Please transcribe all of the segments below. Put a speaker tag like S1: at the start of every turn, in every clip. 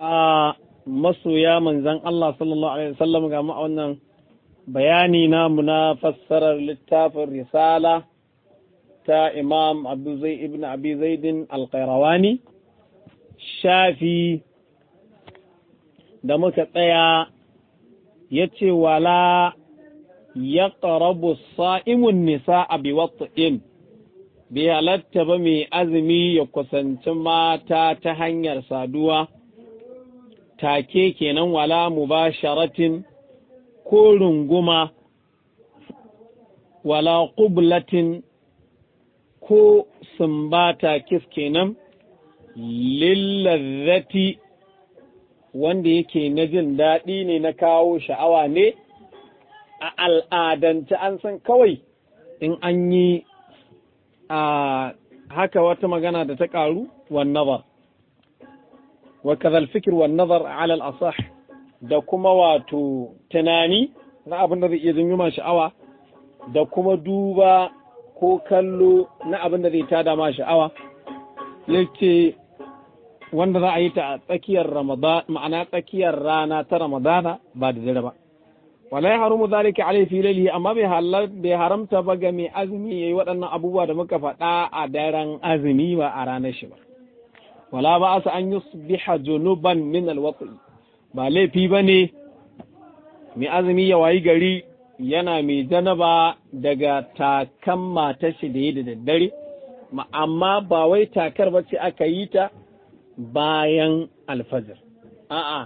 S1: a masoya manzan Allah sallallahu alaihi wasallam ga mu wannan bayani namu na fassarar littafin risala ta Imam abu zai ibn Abi Zaidin shafi da muka tsaya ya ce wala ya ƙarabu sa'imun nisa a biwatsu'in, bai halatta ba mai azumi ya kusanci mata ta hanyar saduwa, take kenan wala mubasharatin ko runguma wala qublatin ko sumbata kis kenan lillazzati wanda yake na jin daɗi ne na kawo sha'awa ne a al'adance an san kawai in an yi a haka wata magana da ta ƙaru wannan ba wa kadhal fikr wa nazar ala al asah da kuma wato tunani na abin da zai iya ma sha'awa da kuma duba ko kallo na abin da zai tada ma sha'awa yake wanda za a yi ta a tsakiyar ramadan ma'ana tsakiyar rana ta ramadana ba da dare ba wala ya harumu zalika alai fi laili amma bai halal bai haramta ba ga mai azumi yayi waɗannan abubuwa da muka faɗa a daren azumi ba a ranar shi ba wala ba asa an yusbiha junuban min alwatsi ba laifi bane mai azumi ya wayi gari yana mai janaba daga takan matar shi da yi da daddare amma ba wai takar ba ce aka yi ta bayan alfajir a'a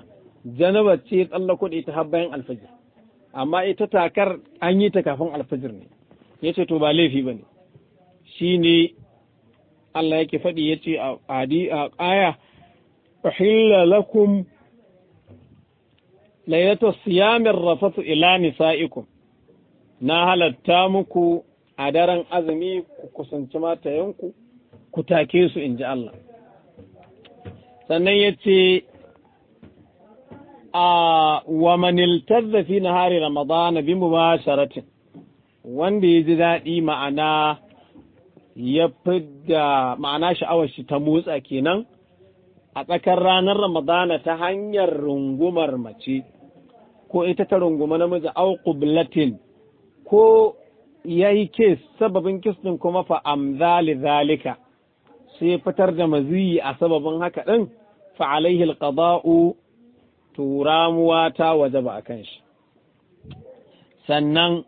S1: janaba ce tsalla kuɗi ta har bayan alfajir amma ita takar an yi ta kafin alfajir ne ya to ba laifi ba ne shi ne Allah yake faɗi ya ce a aya uhilla lakum lailata siyamin rafatu ila nisa'ikum na halatta muku a daren azumi ku kusanci matayenku ku take su in ji Allah sannan ya ce a wa maniltar da fi na hari ramadana bi mu wanda ya ji daɗi ma'ana ya fidda ma'ana sha'awar shi ta motsa kenan a tsakar ranar ramadana ta hanyar rungumar mace ko ita ta runguma namiji au qublatin ko yayi kes sababin kes kuma fa amzali zalika sai fitar da maziyi a sababin haka din fa alaihi alqada'u turamuwa ta a kan shi sannan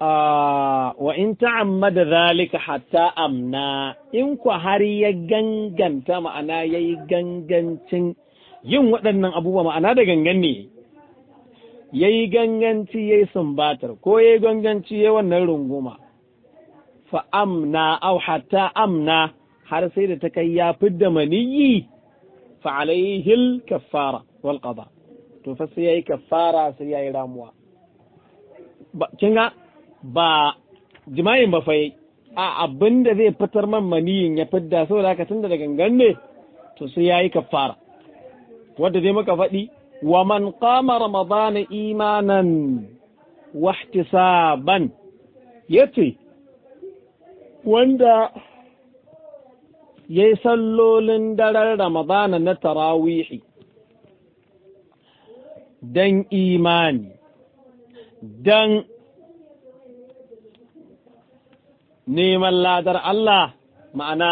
S1: Ah, wa in ta'ammada zalika hatta amna in ku har ya ganganta ma'ana yayi gangancin yin waɗannan abubuwa ma'ana da gangan ne yayi ganganci yayi sumbatar ko yayi ganganci yayi wannan runguma fa amna aw hatta amna har sai da ta kai ya fidda maniyi fa alaihil kaffara wal qada to fa sai yayi kaffara sai yayi ramuwa kin ba jima'in ba fa a abin da zai fitar man maniyin ya fidda saboda haka tunda da gangan ne to sai yayi kafara wanda zai maka faɗi wa man qama ramadana imanan wa ihtisaban yace wanda yayi sallolin daren ramadana na tarawihi dan imani dan neman ladar Allah ma'ana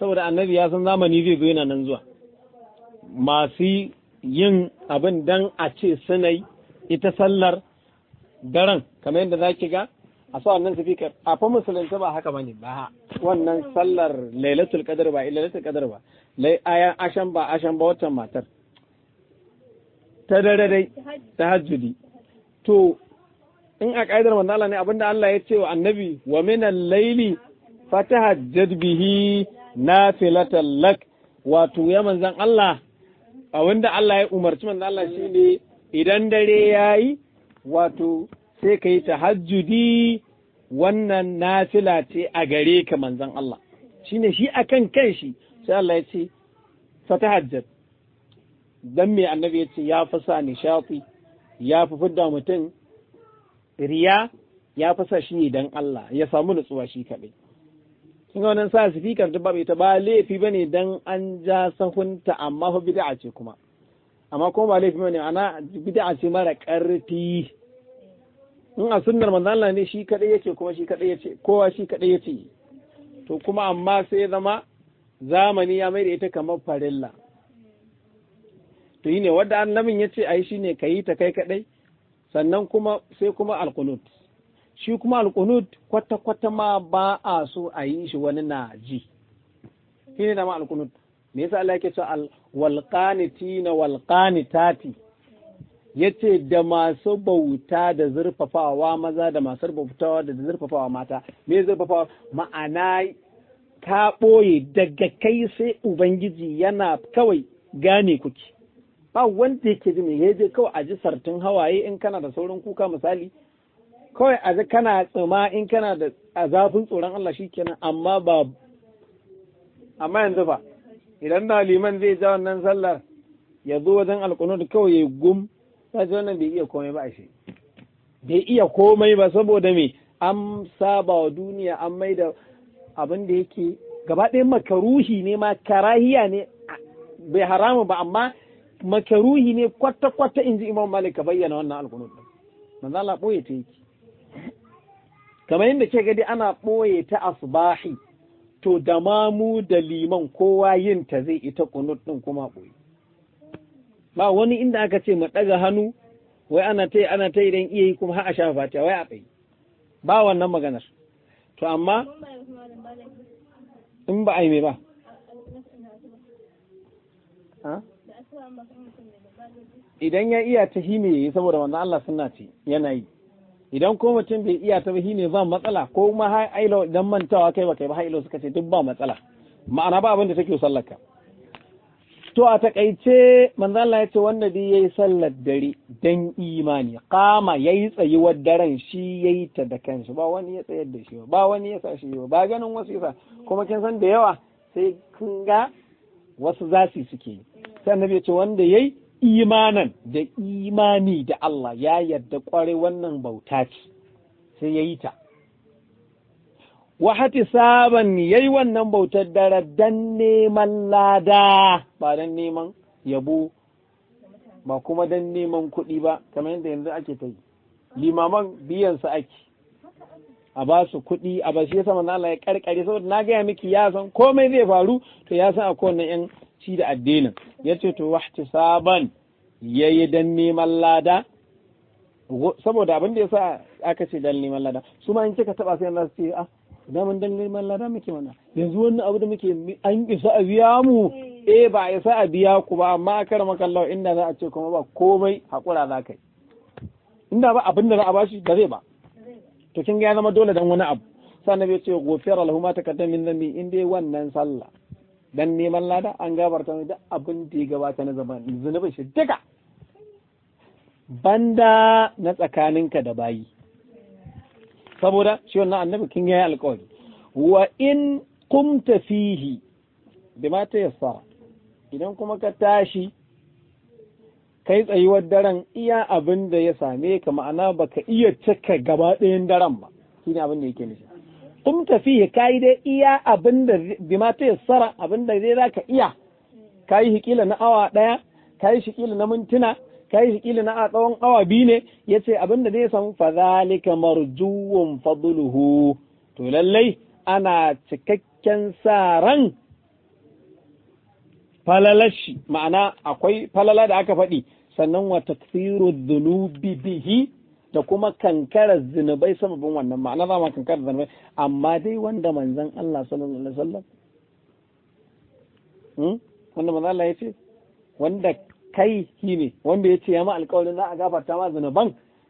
S1: saboda annabi ya san zamani zai zo yana nan zuwa masu yin abin dan a ce sunai ita sallar daren kamar yadda za ki ga a sa wannan sifikar a fa musulunta ba haka bane ba wannan sallar lailatul qadr ba lailatul qadr ba lai ayan ashan ba ashan ba watan matar ta dare dai tahajjudi to in a ƙa'idar manzo Allah ne abinda Allah ya ce wa annabi wa minal laili fatahajjad bihi nafilatan lak wato ya manzan Allah abinda Allah ya umarci manzo Allah shine idan dare yayi wato sai ka tahajjudi wannan nafila ce a gare ka manzan Allah shine shi akan kan shi sai Allah ya ce fatahajjad dan me annabi ya ce ya fi nishafi ya fi fidda mutum riya ya fi sa shi ne don Allah ya samu nutsuwa shi kaɗai kin ga wannan sa sifikar duk ba ba laifi ne don an ja sahunta amma fa bid'a ce kuma amma kuma ba laifi ne ana bid'a ce mara ƙarfi in a sunnar manzo Allah ne shi kaɗai yake kuma shi kaɗai yace kowa shi kaɗai yace to kuma amma sai zama zamani ya mai da ita kamar farilla to yi ne wadda annabin ya ce a yi shi ne ka yi ta kai kaɗai sannan kuma sai kuma alkunut shi kuma alkunut kwata-kwata ma ba a so a yi shi wani na ji shi ne dama alkunut me yasa Allah yake cewa walqaniti na walqanitati yace da masu bauta da zurfafawa maza da masu bautawa da zurfafawa mata me zurfafawa ma'ana ta ɓoye daga kai sai ubangiji yana kawai gane kuke ba wanda yake ji me je kawai a ji sartin hawaye in kana da saurin kuka misali kawai a ji kana tsima in kana da zafin tsoron Allah shikenan amma ba amma yanzu ba idan da liman zai ja wannan sallar ya zo wajen alkunud kawai ya gum ta ji wannan bai iya komai ba shi bai iya komai ba saboda me an saba wa duniya an mai da abin da yake gaba ɗaya makaruhi ne ma karahiya ne bai haramu ba amma makaruhi ne kwata-kwata in ji imam malik ka bayyana wannan alkunut manzo Allah ɓoye ta yake kamar yadda ke gadi ana ɓoye ta asbahi to da mamu da liman kowa yin ta zai ita kunu ɗin kuma ɓoye ba wani inda aka ce mu ɗaga hannu wai ana ta ana ta don iya yi kuma har a sha wai a tsaye ba wannan maganar to amma in ba a yi mai ba idan ya iya ta hime yayi saboda manzon Allah sunna ce yana yi idan ko mutum bai iya ta ba ba matsala ko ma idan mantawa kai ba kai ba suka ce duk ba matsala ma'ana ba abin da take sallaka to a takaice manzon Allah ya ce wanda dai yayi sallar dare dan imani qama yayi tsayuwar daren shi yayi ta da kanshi ba wani ya tsayar da shi ba wani ya sa shi ba ganin wasu yasa kuma kin san da yawa sai kun ga wasu zasi suke yi sai na ya ce wanda ya yi imanan da imani da Allah ya yarda kware wannan bauta ce sai ya yi ta wahati saban ya yi wannan bautar dara dan neman lada ba dan neman yabo ba kuma dan neman kuɗi ba kamar yadda yanzu ake ta yi limaman biyan su ake a ba su kuɗi a ba shi sama na Allah ya karkare saboda na gaya miki ya san komai zai faru to ya san a kowane yan shi da addinin ya ce to ya yi dan neman lada saboda abin da sa aka ce dan neman lada su ma in kika taba sai na ce ah da mun dan neman lada muke mana yanzu wannan abu da muke an isa a biya mu eh ba isa a biya ku ba amma kar makallau inda za a ce kuma ba komai hakura za kai inda ba abin da za a bashi da zai ba to kin ga ya zama dole dan wani abu sannan ya ce gofiyar alhuma ta kaddamin zambi in dai wannan sallah dan neman lada an gabarta mai duk abin da ya gabata na zaman zunubin shi duka banda na tsakaninka da bayi saboda shi wannan annabi kin yayi alƙawari wa in kumta fihi bima ta yassara idan kuma ka tashi kai tsayuwar daren iya abin da ya same ka ma'ana baka iya cika gaba ɗayan daren ba shine abin da yake nufi tafi ya kayi dai iya abin da ma ta yassara abin da dai zaka iya kayi hikila na awa daya kayi shikila na mintuna kayi shikila na tsawon awa biyu ne yace abin da zai samu fa zalika marjuwun fadluhu to lallai ana cikakken sa ran falalashi ma'ana akwai falala da aka faɗi sannan wa taksiru dhunubi bihi da kuma kankarar zinubai sababin wannan ma'ana za ma kankarar zinubai amma dai wanda manzan Allah sallallahu alaihi wasallam hmm? wanda manzan Allah ya ce wanda kai shi ne wanda ya ce ya ma alƙawarin za a gafarta ma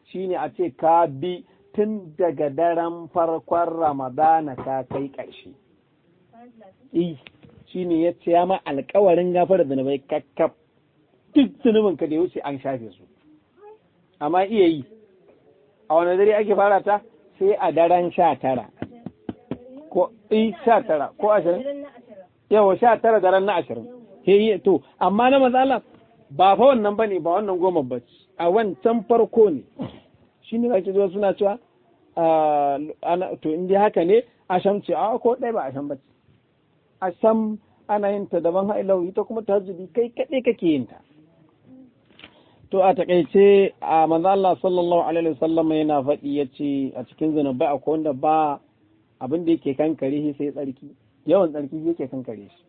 S1: Shi shine a ce ka bi tun daga daren farkon Ramadana ka kai ƙarshe. shi ne ya ce ya ma alƙawarin gafara zinubai kakkaf duk zinubin ka da ya wuce an shafe su amma iya yi a wani dare ake fara ta sai a daren sha tara ko i sha tara ko ashirin yawa sha tara daren na ashirin he to amma na matsala ba fa wannan ba ne ba wannan goma ba a wancan farko ne shi ne zaki zuwa suna cewa ah, to in haka ne asham ce a ah, ko ɗaya ba asham ba ce asham ana yin ta daban ha'ilau ita kuma tahajjudi kai kaɗai kake yin ta to a takaice a manzo Allah sallallahu alaihi wasallam yana faɗi ce a cikin zunubai akwai wanda ba abin da yake kankare shi sai tsarki yawan tsarki yake kankare shi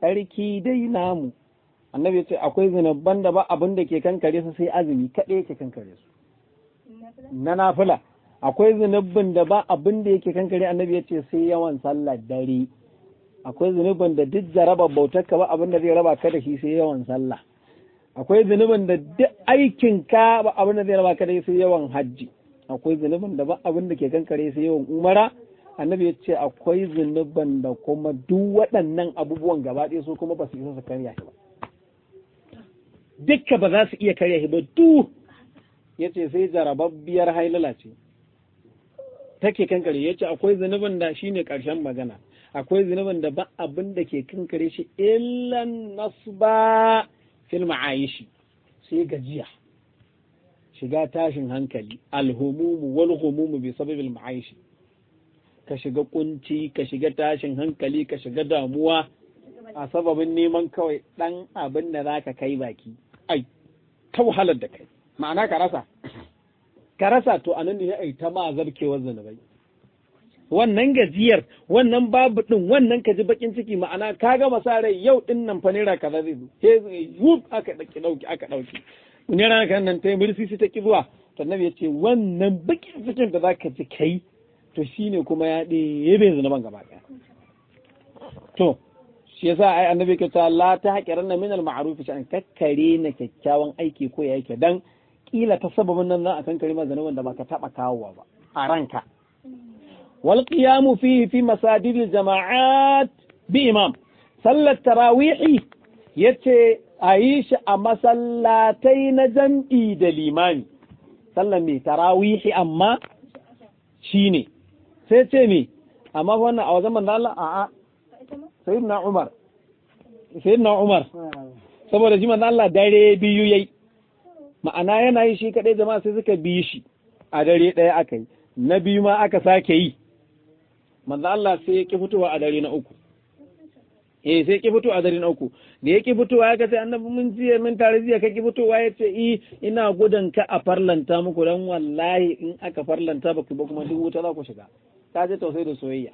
S1: tsarki dai namu annabi ce akwai zunuban da ba abin da ke kankare su sai azumi kaɗai yake kankare su na nafila akwai zunubin da ba abin da yake kankare annabi ce sai yawan sallar dare akwai zunubin da duk jaraba bautar ka ba abin da zai raba ka da shi sai yawan sallah akwai zunubin da duk aikin ka ba abin da zai raba ka dai sai yawan hajji akwai zunubin da ba abin da ke kankare sai yawan umara annabi ya ce akwai zunuban da kuma duk waɗannan abubuwan gaba ɗaya su kuma ba su isa su karya shi ba dukka ba za su iya karya shi ba duk ya ce sai jarababbiyar hailala ce take kankare ya ce akwai zunubin da shine ƙarshen magana akwai zunubin da ba abin da ke kankare shi illan nasba fil aishi sai gajiya shiga tashin hankali alhumumu wal humumu bi sababil ka shiga kunci ka shiga tashin hankali ka shiga damuwa a sababin neman kawai dan abin da zaka kai baki ai ta wahalar da kai ma'ana ka rasa ka rasa to anan ne ai ta ma zarkewar zanubai wannan gajiyar wannan babu ɗin wannan ka ji bakin ciki ma'ana ka gama sa rai yau din nan fa naira kaza zai zo sai aka dauki dauki aka dauki ne ran kan nan mirsi sai ta ki zuwa sannan ya ce wannan bakin cikin da zaka ji kai to shine kuma ya bai zunuban gaba ɗaya to shi yasa ai annabi ke ta la ta haƙiran na minal ma'ruf an kakkare na kyakkyawan aiki ko yake dan kila ta sababin nan a kan zanen wanda ba ka taba kawo ba a ranka wal qiyamu fihi fi masadil jama'at bi imam sallar tarawihi yace a shi a masallatai na jam'i da limami sallar ne amma shine sai ce amma wannan a wajen manzo a'a sayyidina Umar Umar saboda shi manzo Allah dare biyu yayi ma'ana yana yi shi kaɗai jama'a sai suka bi shi a dare ɗaya yi na biyu ma aka sake yi manzo Allah sai ya ki fitowa a dare na uku eh sai ki fito a dare na uku da ya ki fitowa ya kace annabi mun jiya min tare jiya ka ki fitowa ya ce i eh, ina gudan ka a farlanta muku dan wallahi in aka farlanta ba ku ba kuma duk wuta za ku shiga ta je tausayi da soyayya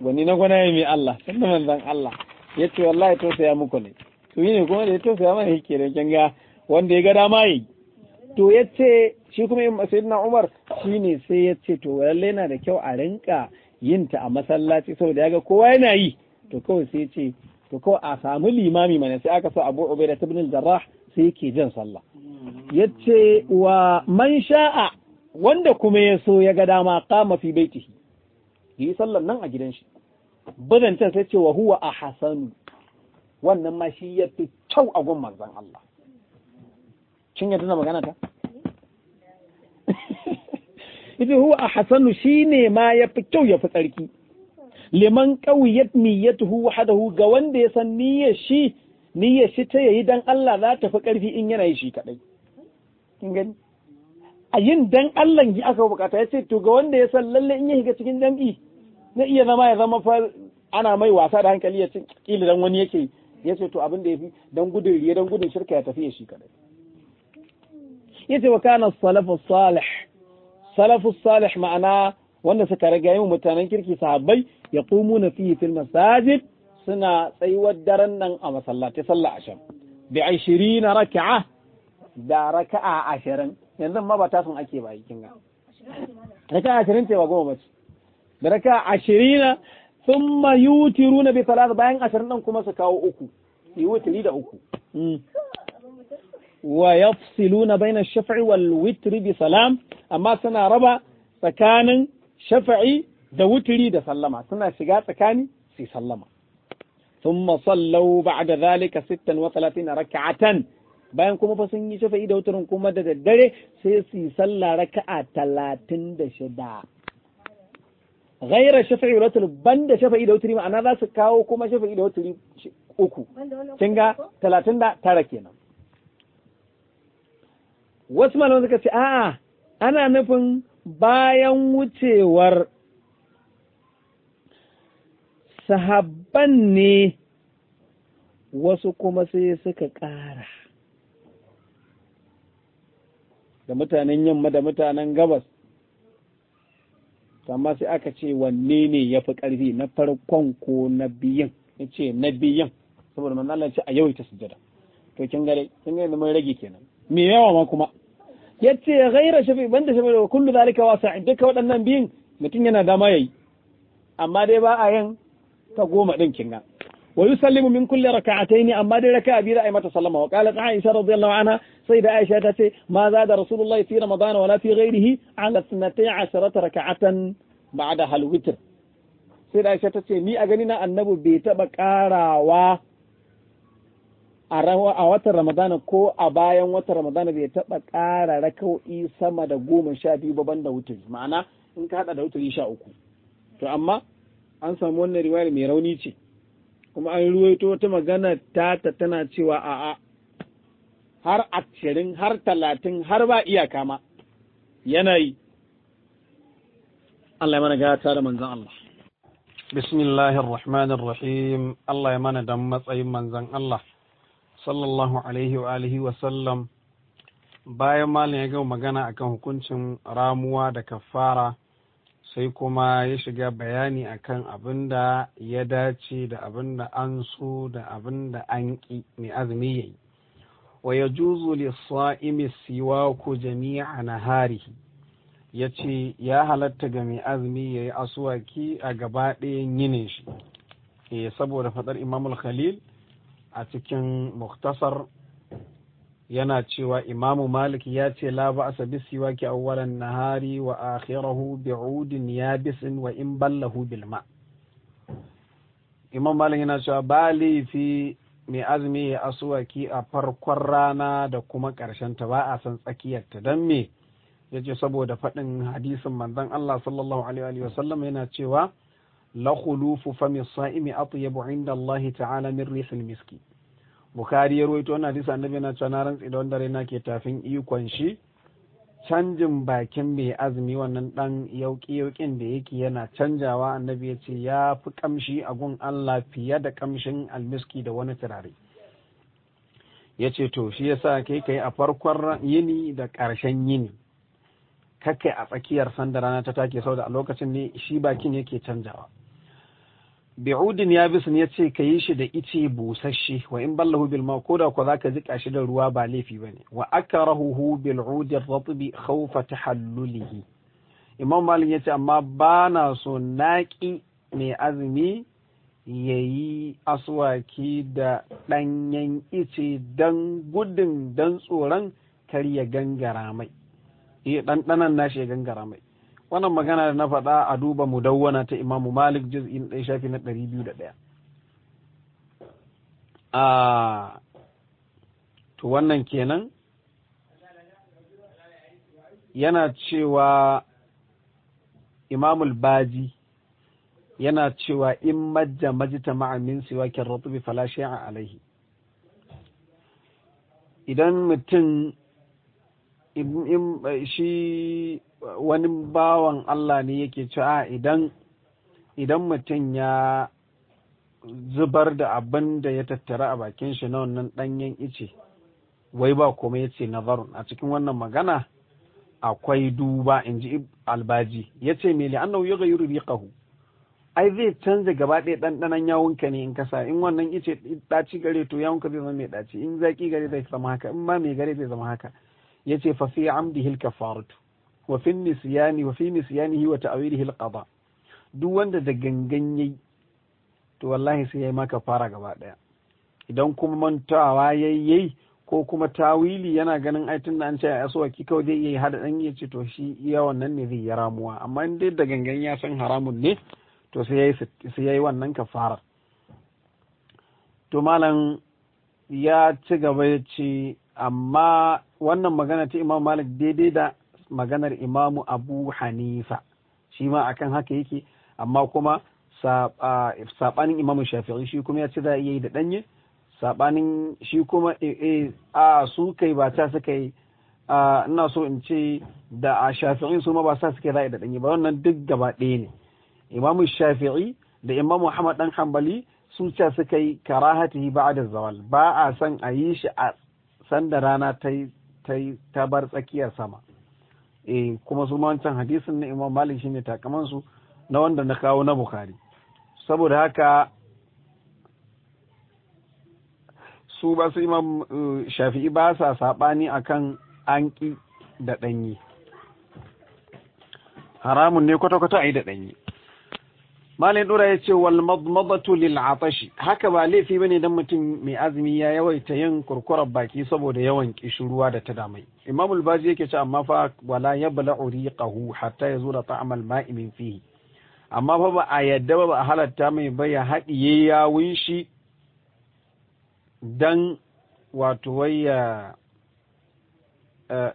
S1: gwani na gwana mai Allah sannan manzon Allah ya ce wallahi tausaya muku ne to yi ne kuma da ya tausaya mana yake da kin ga wanda ya ga dama yi to ya ce shi kuma sayyidina Umar shine sai ya ce to lalle na da kyau a rinka yin ta a masallaci saboda ya ga kowa yana yi to kawai sai ce to kawai a sami limami mana sai aka sa Abu Ubaida da al-Jarrah sai yake jan sallah yace wa man sha'a wanda kuma ya so ya ga dama kama fi baitihi yi sallan nan a gidan shi badancan sai ce wa huwa a ahsanu wannan ma shi yafi kyau a gun manzon Allah kin yadda na magana ta idan huwa a hasanu shi ne ma ya fi kyau ya fi tsarki liman ƙauyat niyyatuhu wahadahu ga wanda ya san niyyar shi niyyar shi ta yayi dan Allah za ta fi ƙarfi in yana yi shi kaɗai kin gani a yin dan Allah ji aka bukata ya ce to ga wanda ya san lalle in ya shiga cikin jam'i na iya zama ya zama fa ana mai wasa da hankali ya ce kila dan wani yake ya ce to abin da ya fi dan gudun riya dan gudun shirka ya tafi ya shi kadai ya ce wa kana salafa salih salafu salih ma'ana wanda suka riga yin mutanen kirki sahabbai ya kumu na fiye fil masajid suna tsayuwar daren nan a masallaci sallah asham bi na raka'a da raka'a ashirin yanzu ma ba tasun ake ba yakin ga raka'a ashirin ce ba goma ba ce da raka'a ashirina thumma yutiruna bi salat bayan ashirin din kuma su kawo uku yi wutiri da uku hmm. wa yafsiluna baina shafa'i wal witri bi salam amma suna raba tsakanin shafa'i da wutiri da sallama suna shiga tsakani su sallama thumma sallau ba'da zalika 36 rak'atan bayan kuma fa sun yi shafa'i da wutirin kuma da daddare sai su yi sallah raka'a 36 ghaira shafa'i da wutiri banda shafa'i da wutiri ma'ana za su kawo kuma shafa'i da wutiri uku kin ga 39 kenan wasu malaman suka ce a'a ana nufin bayan wucewar sahabban ne wasu kuma sai suka ƙara da mutanen yamma da mutanen gabas amma sai aka ce wanne ne ya fi ƙarfi na farkon ko na biyan ya ce na biyan saboda manzala ce a yawaita sujada to kin gare kin gare mun rage kenan me yawa ma kuma yace ghaira shafi banda shafi da kullu zalika wasi'in duka waɗannan biyun mutum yana dama yayi amma dai ba a ka ta goma din kinga wa yusallimu min kulli ne amma dai raka'a biyu da ai mata sallama wa qalat Aisha radiyallahu anha sai da Aisha ta ce ma za da Rasulullah fi Ramadan wala fi ghairihi ala 12 raka'atan ba'da hal witr sai da Aisha ta ce ni a gani na annabi bai taba karawa a watan ramadana ko a bayan watan ramadana bai taɓa ƙara raka'o'i sama da goma sha biyu ba banda wuturi ma'ana in ka haɗa da wuturi sha uku to amma an samu wannan riwayar mai rauni ce kuma an ruwaito wata magana ta ta tana cewa a'a har ashirin har talatin har ba iyaka ma yana yi Allah ya mana gata da manzon Allah bismillahir rahmanir rahim Allah ya mana dan matsayin manzon Allah sallallahu alaihi wa alihi wa sallam bayan malam ya gama magana akan hukuncin ramuwa da kafara sai kuma ya shiga bayani akan abin da ya dace da abin da an so da abin da an ƙi mai azumi ya yi wa ya juzu siwa ku jami'a na harihi ya ce ya halatta ga mai azumi ya yi asuwaki a gaba ɗayan yinin shi eh, saboda faɗar imamul khalil a cikin muktasar yana cewa imamu malik ya ce la ba a siwaki awwalan nahari wa akhirahu bi'udin yabisin wa in ballahu bilma imam malik yana cewa ba laifi mai azumi ya asuwaki a farkon rana da kuma ƙarshen ta ba a san tsakiyarta dan me ya ce saboda faɗin hadisin manzon Allah sallallahu alaihi wa sallam yana cewa la khulufu fami sa'imi atyabu inda Allah ta'ala min rihil miski Bukhari ya rawaito wannan hadisi annabi na cewa na rantsi wanda rena ke tafin ikon shi canjin bakin mai azumi wannan dan yauki yaukin da yake yana canjawa annabi ya ce ya fi kamshi a gun Allah fiye da kamshin almiski da wani turare ya ce to shi yasa kai kai a farkon yini da ƙarshen yini kakai a tsakiyar sanda rana ta take sau da a lokacin ne shi bakin yake canjawa bi'udin ya bi ya ce ka yi shi da ice busasshe wa in ballahu bil ma koda ko zaka jika shi da ruwa ba laifi bane wa akrahuhu bil udi ar-ratb khawfa tahallulihi imam malik yace amma bana so naki mai azumi yayi aswaki da danyen ice dan gudun dan tsoron kar ya gangara mai eh dan nashi ya gangara mai wannan magana da na faɗa a duba mudawwana ta imamu malik juz'in ɗaya shafi na ɗari biyu da ɗaya a ah, to wannan kenan yana cewa imamul baji yana cewa in majja majita ma'amin siwakin ratubi fala a alaihi idan mutum shi wani bawan Allah ne yake cewa idan idan mutum ya zubar da abin da ya tattara a bakin shi na wannan ɗanyen ice wai ba kuma ya ce nazarun a cikin wannan magana akwai duba in ji albaji ya ce mele annahu ya yuri riƙahu ai zai canza gaba ɗaya ɗanɗanon yawunka ne in kasa in wannan ice ɗaci gare to yawunka zai zama mai ɗaci in zaƙi gare zai zama haka in ma mai gare zai zama haka ya ce fa fi hilka faratu. wa fi nisyani wa fi wa ta'wilihi alqada duk wanda da gangan yayi to wallahi sai yayi maka fara gaba daya idan kuma mantawa yayi ko kuma tawili yana ganin ai tunda an ce a aswaki kawai zai yi hada dan ya ce to shi iya wannan ne zai yi ramuwa amma in dai da gangan ya san haramun ne to sai yayi sai yayi wannan kafara to malam ya ci gaba ya ce amma wannan magana ta imam malik daidai da maganar imamu abu hanifa shi ma akan haka yake amma kuma sabanin imamu shafi'i shi kuma ya ce za a iya yi da ɗanye saɓanin shi kuma eh, eh, a su kai ba ta suka yi ina so in ce da a shafi'i su ma ba sa suka yi da ɗanye ba wannan duk gaba ɗaya ne imamu shafi'i da imamu muhammad dan hambali su ce suka yi karahatihi da zawal ba a san a yi shi a sanda rana ta bar tsakiyar sama eh kuma su wancan hadisin na imam malik shine takaman su na wanda na kawo na bukari saboda haka su ba su imam eh, shafi'i ba sa sabani akan anki da danyi haramun ne kwata-kwata a yi da danyi malin dura ya ce wal madmadatu lil atashi haka ba laifi bane dan mutum mai azumi ya yawaita yin kurkurar baki saboda yawan kishiruwa da ta damai imam al yake ce amma fa wala yabla uriqahu hatta yazura ta'mal ma'i min fihi amma fa ba a yadda ba ba a halatta mai ba ya haɗiye yawun shi dan wato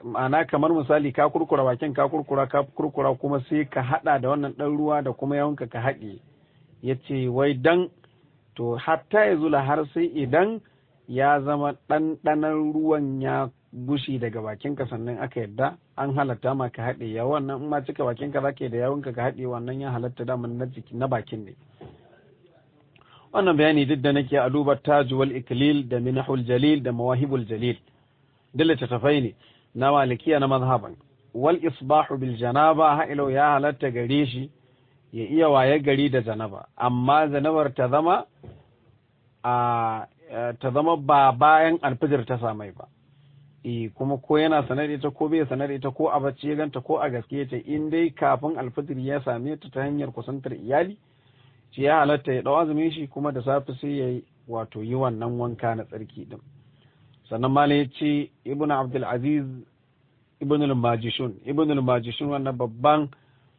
S1: ma'ana kamar misali ka kurkura bakin ka kurkura ka kurkura kuma sai ka hada da wannan dan ruwa da kuma yawanka ka haɗe ya ce wai dan to hatta ya zula har sai idan ya zama ɗanɗanan ruwan ya gushi daga ka sannan aka yadda an halatta ma ka haɗe ya wannan in ma cika ka zake da yawanka ka haɗe wannan ya halatta daman na jiki na bakin ne wannan bayani duk da nake a duba tajuwal iklil da minahul jalil da mawahibul jalil dalla tafai ne na malikiya na mazhaban wal isbahu bil janaba ha'ilau ya halatta gare shi ya iya waye gari da janaba amma zanabar ta zama a ta zama ba bayan alfijir ta samai ba e kuma ko yana sanar ita ko bai sanar ita ko a bacci ya ganta ko a gaske ta in dai kafin alfijir ya same ta ta hanyar kusantar iyali shi ya halatta ya dau azumin shi kuma da safe sai ya wato yi wannan wanka na tsarki din sannan ma ya ce ibn abdulaziz ibn al-majishun ibn al-majishun wannan babban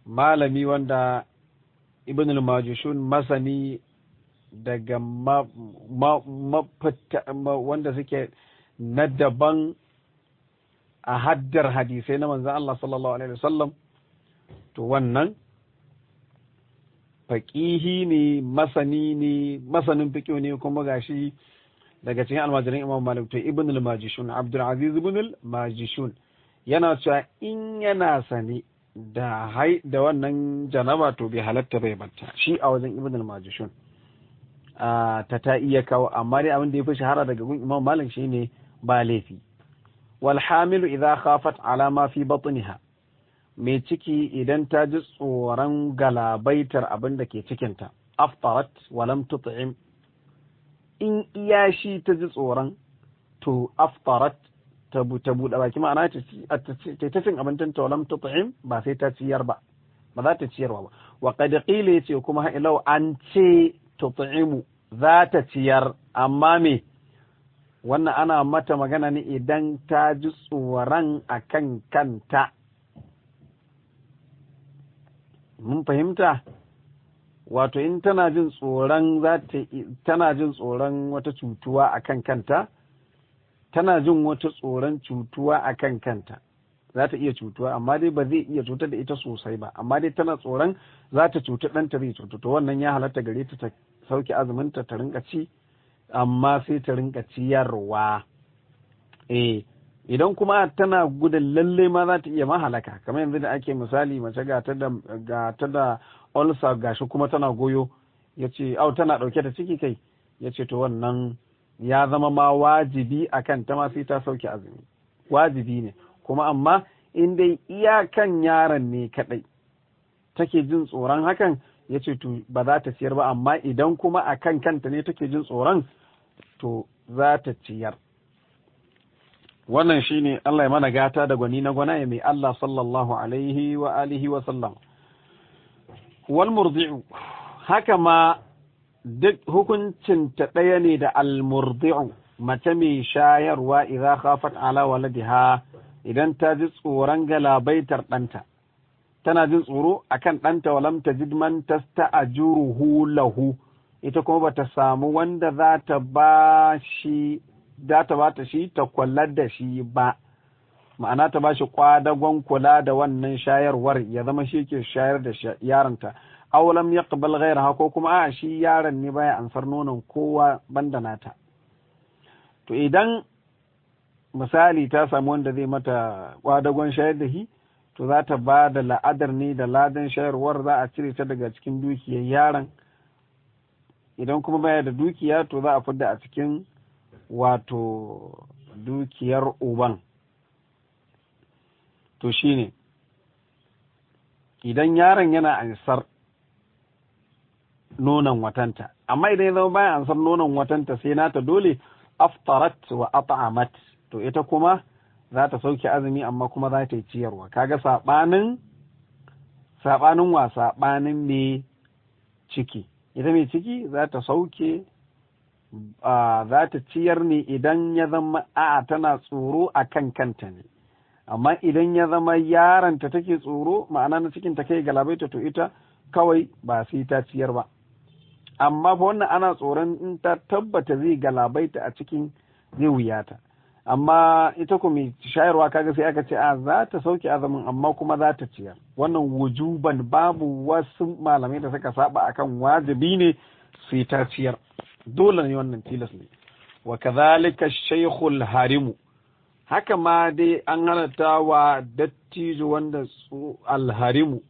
S1: malami wanda ibn al-majishun masani daga wanda suke na daban a haddar hadisai na manzan Allah sallallahu alaihi wasallam to wannan faƙihi ne masani ne masanin fiƙo ne kuma gashi shi daga cikin almajirin imam malik to ibn al-majishun abdul aziz ibn al-majishun yana cewa in yana sani da hai da wannan janaba to bai halatta bai batta shi a wajen ibn al-majishun ta ta iya kawo amma dai abin da ya fi shahara daga gun imam malik shine ba laifi wal hamilu idza khafat ala ma fi batniha mai ciki idan ta ji tsoron galabaitar abin da ke cikinta aftarat walam tut'im in iya shi ta ji tsoron to aftarat ta buɗe baki ma'ana ta ta cin abincin ta walam tut'im ba sai ta ciyar ba ba za ta ciyarwa ba wa qad qila yace kuma ha ilau an ce tut'imu za ta ciyar amma me wannan ana mata magana ne idan ta ji tsoron akan kanta mun fahimta wato in tana jin tsoron tana jin tsoron wata cutuwa a kan kanta tana jin wata tsoron cutuwa a kan kanta za ta iya cutuwa amma dai ba zai iya cutar da ita sosai ba amma dai tana tsoron za ta cuta ɗanta zai cuta to wannan ya halatta gare ta ta sauke azuminta ta rinka ci amma sai ta rinka ciyarwa eh idan kuma tana gudun lalle ma za ta iya mahalaka kamar yanzu da ake misali mace ga ta da olsa gashi kuma tana goyo ya ce au tana ɗauke da ciki kai ya ce to wannan ya zama ma wajibi a kan ta masu ta sauke azumi wajibi ne kuma amma in dai iyakan yaron ne kaɗai take jin tsoron hakan ya ce to ba za ta ciyar ba amma idan kuma a kan kanta ne take jin tsoron to za ta ciyar wannan shine Allah ya mana gata da gwani na gwana mai Allah sallallahu alaihi wa alihi wa sallam wal haka ma duk hukuncinta ɗaya ne da al mace mai shayarwa idza khafat ala waladiha idan ta ji tsoron galabaitar ɗanta tana jin tsoro akan ɗanta walam tajid man tasta'juruhu lahu ita kuma bata samu wanda za ta ba shi ta ba shi ta kwallar da shi ba ma'ana ta bashi kwadagon kula da wannan shayarwar ya zama shi ke shayar da yaronta aulam ya kabal gaira ko kuma a shi yaron ne baya ansar nonon kowa banda nata to idan misali ta samu wanda zai mata kwadagon shayar da shi to za ta ba da la'adar ne da ladan shayarwar za a cire ta daga cikin dukiyar yaron idan kuma baya da dukiya to za a fidda a cikin wato dukiyar uban to shi ne, idan yaron yana ansar nonon watanta amma idan ya zama bayan ansar nonon watanta sai nata dole aftarat wa at'amat to ita kuma za ta sauke azumi amma kuma za ta yi ciyarwa kaga saɓanin, saɓanin wa Saɓanin me ciki ita mai ciki za ta sauke za ta ciyar ne idan ya zama a'a tana tsoro a kan kanta ne amma idan ya zama yaranta take tsoro ma'ana na cikin ta kai galabaita to ita kawai ba sai ta ciyar ba amma fa wannan ana tsoron in ta tabbata zai galabaita a cikin zai wuyata amma ita ku mai shayarwa kaga sai aka ce a za ta sauke azumin amma kuma za ta ciyar wannan wujuban babu wasu malamai da suka saba akan wajibi ne sai ta ciyar dole ne wannan tilas ne wa kadhalika shaykhul harimu haka ma dai an halatta wa dattijo wanda su alharimu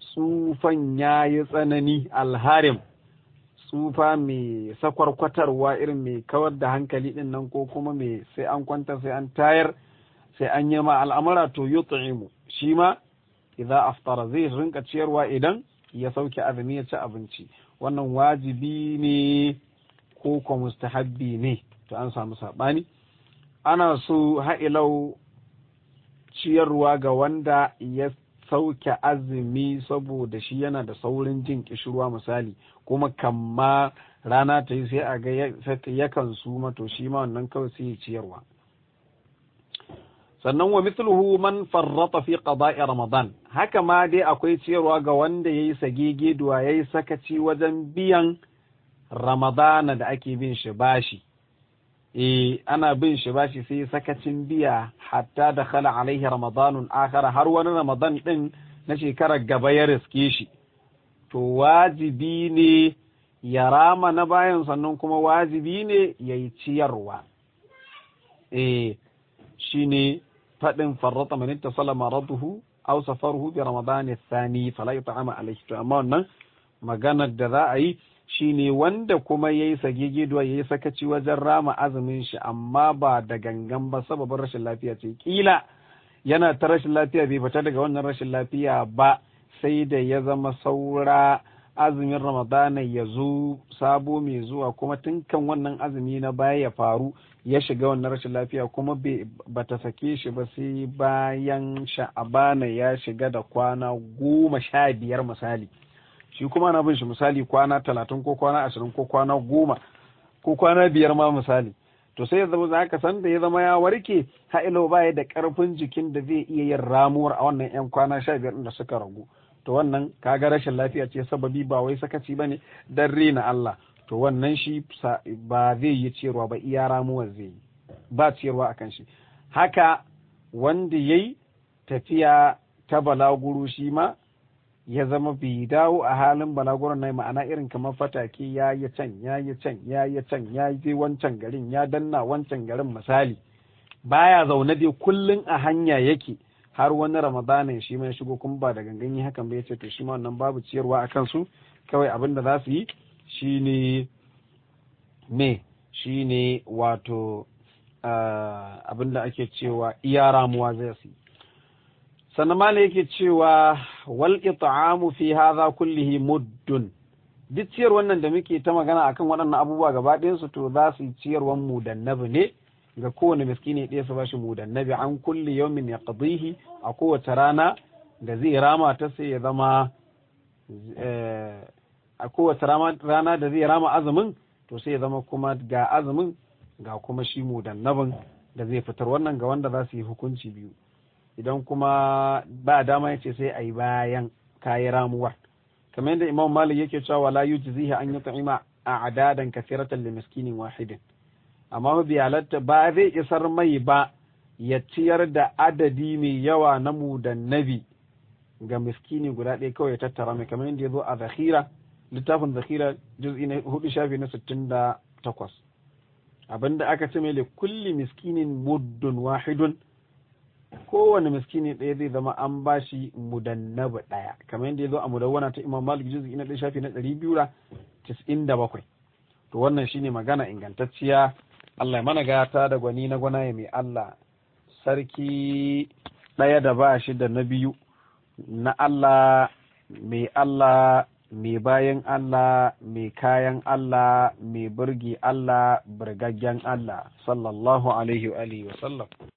S1: tsufan ya yi tsanani alharim tsufa mai sakwarkwatarwa irin mai kawar da hankali din nan ko kuma mai sai an kwanta sai an tayar sai an yi ma al'amura to yut'imu shi ma idan aftara zai rinka ciyarwa idan ya sauke azumi ya ci abinci wannan wajibi ne ko ko mustahabbi ne to an samu saɓani. ana so ha'ilau ciyarwa ga wanda ya sauke azumi saboda shi yana da saurin jin kishirwa misali kuma kamma rana ta yi sai a ga yakan su mato shi ma wannan kawai sai ciyarwa sannan wa mithluhu man farrata fi qada'i ramadan haka ma dai akwai ciyarwa ga wanda yayi sagege duwa yayi sakaci wajen biyan ramadana da ake bin shi bashi eh ana bin shi bashi sai sakacin biya hatta da khala alaihi ramadanun akhara har wani ramadan din na shekarar gaba ya riske shi to wajibi ne ya rama na bayan sannan kuma wajibi ne ya ciyarwa eh shi ne faɗin farrata ta salama raduhu aw safaruhu bi ramadan thani fala yut'ama alayhi to amma wannan maganar da za a yi shi ne wanda kuma ya yi sagigidwa ya yi sakaci wajen rama azumin shi amma ba da gangan ba sababin rashin lafiya ce kila yana ta rashin lafiya bai fita daga wannan rashin lafiya ba sai da ya zama saura azumin ramadana ya zo sabo mai zuwa kuma tun kan wannan azumi na baya ya faru ya shiga wannan rashin lafiya kuma ba ta sake shi ba sai bayan sha'abana ya shiga da kwana goma sha biyar misali shi kuma na bin shi misali kwana talatin ko kwana ashirin ko kwana goma ko kwana biyar ma misali to sai ya zama za ka san da ya zama ya warke ha'ilo baya da karfin jikin da zai iya yin ramuwar a wannan yan kwana sha biyar da suka ragu to wannan kaga rashin lafiya ce sababi ba wai sakaci ba ne dan rena Allah to wannan shi ba zai yi ciyarwa ba iya ramuwar zai yi ba ciyarwa kan shi haka wanda yayi tafiya ta balaguro shi ma ya zama bi dawo a halin balaguran nai ma'ana irin kamar fataki ya yi can ya yi can ya yi can ya je wancan garin ya danna wancan garin misali baya zaune dai kullun a hanya yake har wani ramadanin shi mai shigo kuma ba da gangan yi hakan bai ce to shi ma wannan babu ciyarwa a kansu kawai abin da za su yi shine me shine wato ah, abin da ake cewa iya ramuwa zai su yi sannan malam yake cewa wal it'amu fi hadha kullihi muddun duk ciyar wannan da muke ta magana akan waɗannan abubuwa gaba ɗayan su to za su ciyarwan mudannabi ne ga kowane miskini ɗaya su bashi mudannabi an kulli yawmin yaqdihi a kowace rana da zai rama ta sai ya zama eh, a kowace rana da zai rama azumin to sai ya zama kuma ga azumin ga kuma shi mudannabin da zai fitar wannan ga wanda za su yi hukunci biyu idan kuma ba dama yace sai ayi bayan kayi ramuwar kamar yadda imam malik yake cewa wala yujzihi an yut'ima a'dadan kathiratan li miskinin wahidin amma bi halatta ba zai isar mai ba ya ciyar da adadi mai yawa na nabi ga miskini guda ɗaya kawai ya tattara mai kamar yadda ya zo a zakhira littafin zakhira juz'i na hudu shafi na sittin takwas abinda aka ce mai kulli miskinin muddun wahidun kowane miskini ɗaya zai zama an ba shi mudannabu ɗaya kamar yadda ya zo a mudawwana ta imam malik juz'i na ɗaya shafi na ɗari biyu da tis'in da bakwai to wannan shine magana ingantacciya Allah mana gata da gwani na gwana ya mai Allah sarki ɗaya da ba shi da na biyu na Allah mai Allah mai bayan Allah mai kayan Allah mai burgi Allah burgaggen Allah sallallahu alaihi wa sallam